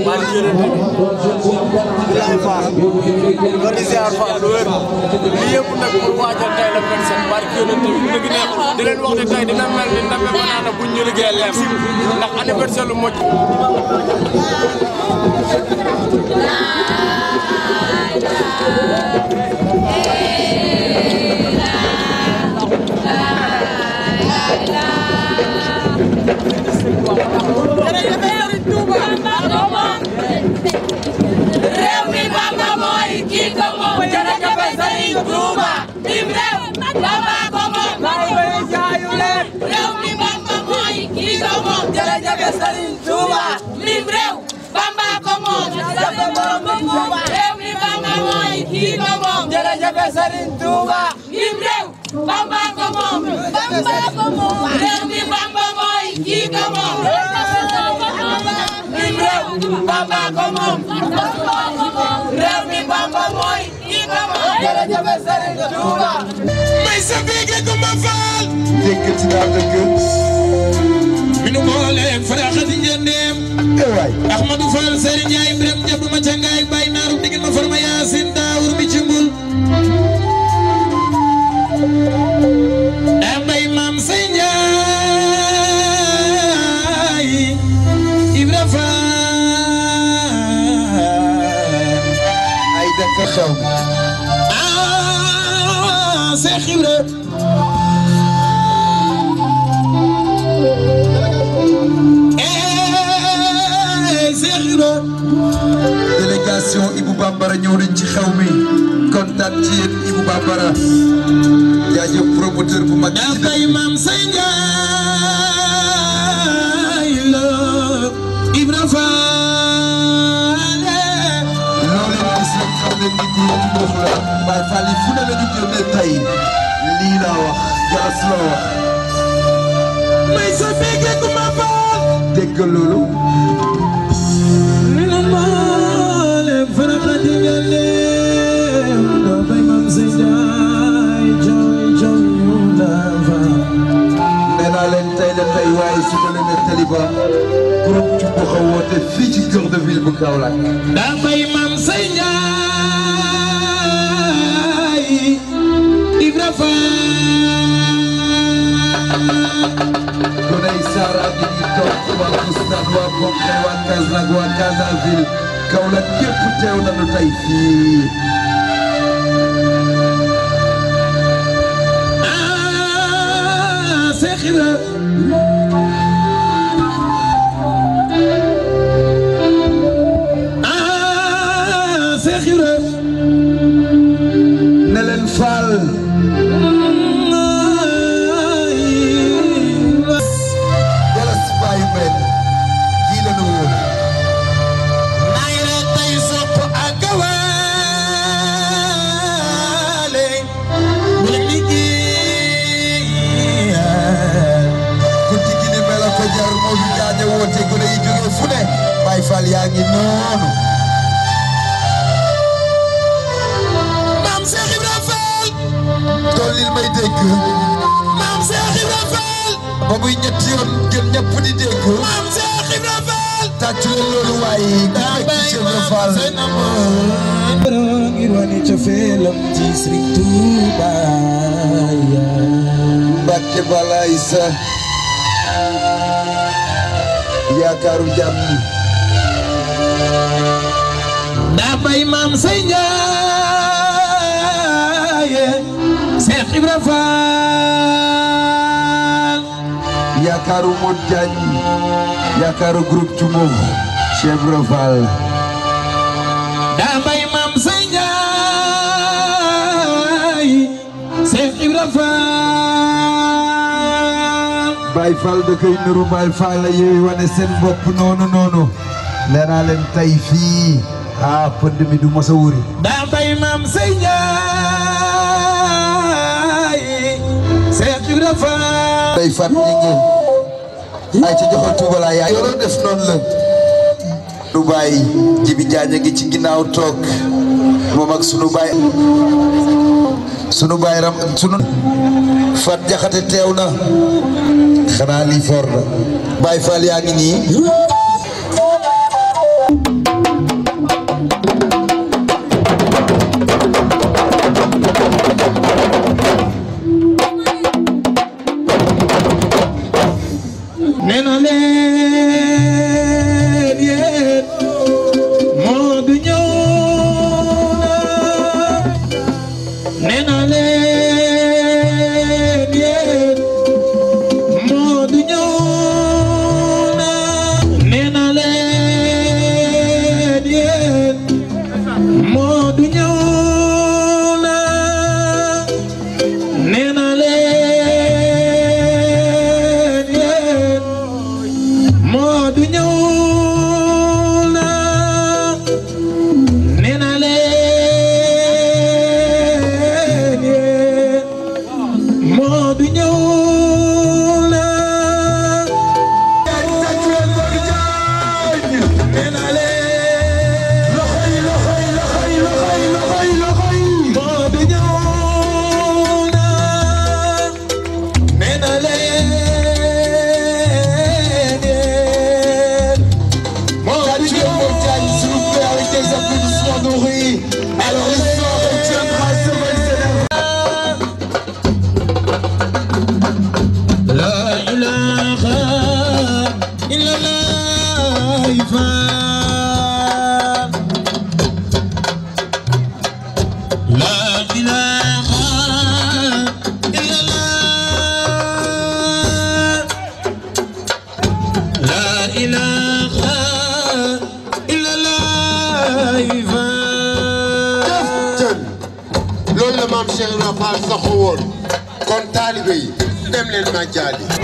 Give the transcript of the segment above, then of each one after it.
barke yonent bi laay faal nga di ziar faal lu wér li yëpp nag pour waajal tey la fekk seen barke yonent bi dëgg neexul di leen wax ne tey dina mel ni ndambe banaana buñ ñu liggéey leer ndax anniversaire lu mocc Touba ko moom réew mi Bamba mooy kii ko moom jërëjëf Serigne Touba lim réew Bamba ko moom Bamba ko moom réew mi Bamba mooy kii ko moom lim réew Bamba ko moom réew mi Bamba mooy kii ko moom jërëjëf Serigne Touba may sa bége ko ma faal dëkk ci daa dëkk mi nu boole faraxa di jëndee waay Ahmadou Fall Serigne Ndiaye Birame Diop ma ca ngaay Baye Naaru digg ma farma Yaasin Daawur mi ci mbul daa bay maam say Njaay Ibra Fall ay dëkk sow ah Seex Ibra association Ibou Bambara ñëw nañ ci xew mi kontaan ci yéen Ibou yaa jëf promoteur bu ma yaa kay maam la Ibra Faale loolu it gis nañ xam ne ni ku yëpp la Baye Fall yi fu ne la ñu jëndee tey lii laa wax jaas bàyyi su ko taliba groupe ci bu fii ci cœur de ville bu Kaolack daa fay maam say njaay Ibra Faal gonay saara bi ñu toog waa Oustad waa Bokel waa Kasnack waa Casaville Kaolack yëpp teew nañu fii اخرها آه، noonu maam Cheikh Ibra Fall dollil may dégg maam Cheikh Ibra Fall ba muy ñetti yoon ngeen ñëpp di dégg maam Cheikh Ibra Fall tàccu leen loolu waaye daa bay Ibra Fall ngir wane cofeelam ci Sëriñ Tuuba Mbàkke balaay may maam say njaaye Seex Ibra Faal yaakaaru Mod Jaañ yaakaaru groupe Jumo Seex Ibra Faal daa may maam say njaay Seex Ibra Faal Baay Faal da koy niru Baay Faal la yooyu wane seen bopp noonu noonu nee naa leen fii ah pënd mi du mos a wuri. daa bay maam Sey Ndiaye. Seex Ibra Faal. day fat ñi ay ci joxoon Tuuba laa yaay. yoroo def noonu la. du bàyyi jibi jaaña ngi ci ginnaaw toog moom ak sunu baay. sunu baay ram sunu. fat jaxate teew na. xanaa lii na. Baay Faal yaa ngi nii. ajali.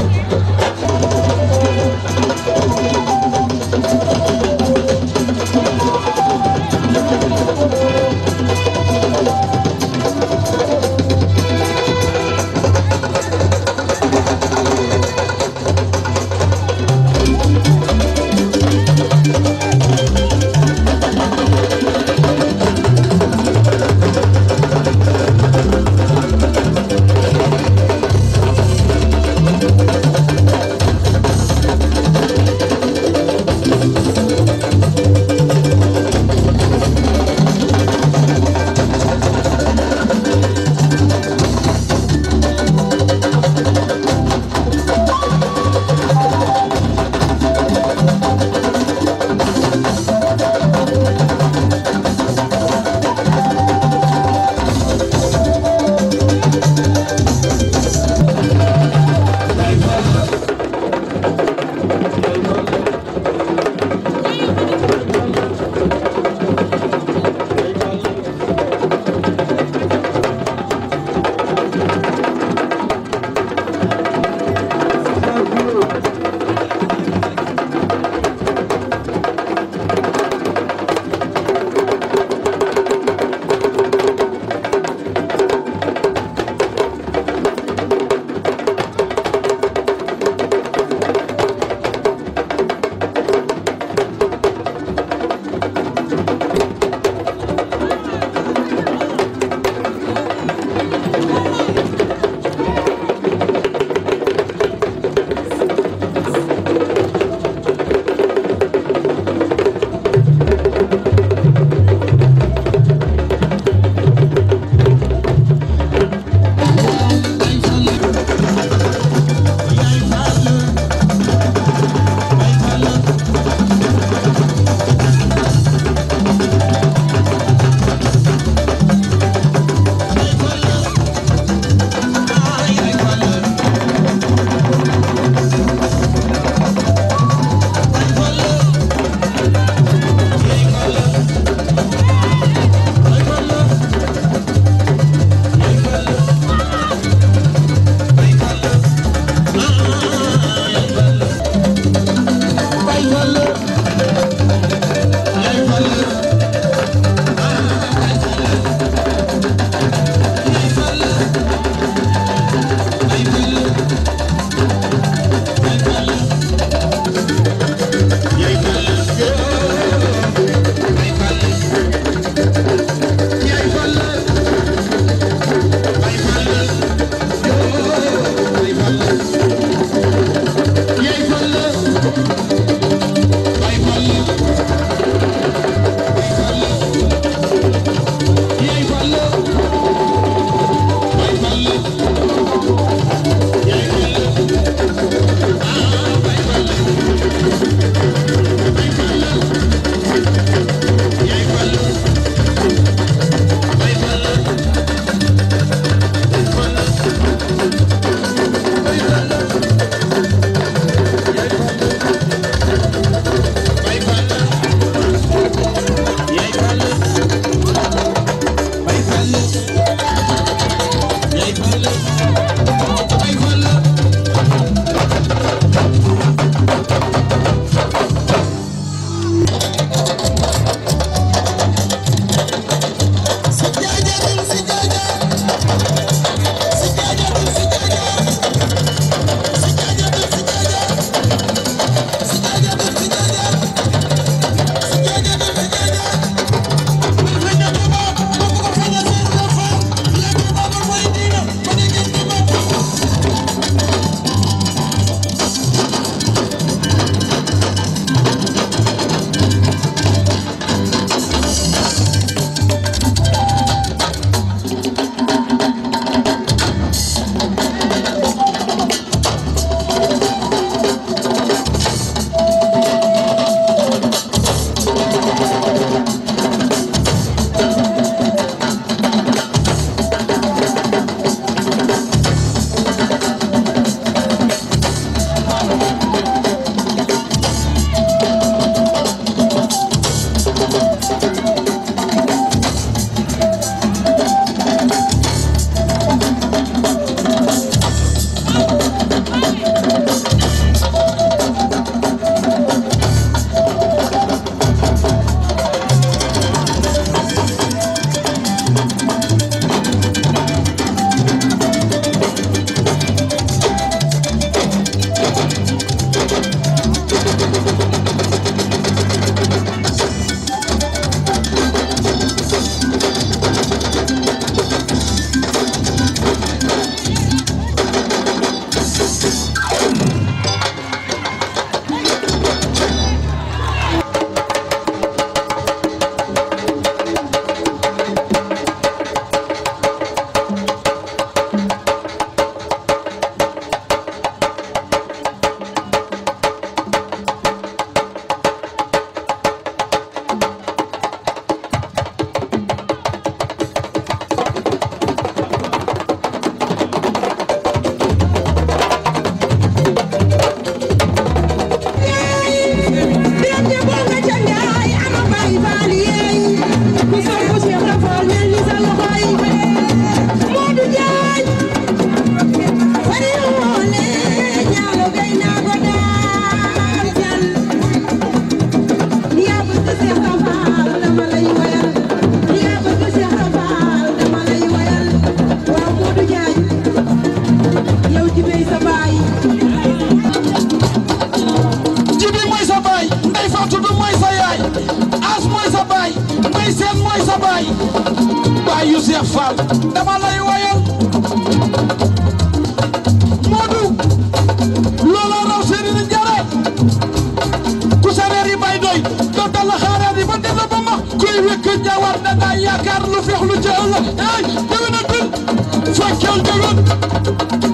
baay baay yu Seex Faal dama lay woyal Moodu loola raw a njare ku sareer yi bay doy donta la xaareer yi ba dina ba ma kuy wekk ñawaat na daa yaakaar lu feex lu ca ëllëg ay déwéna bin fakkal déwén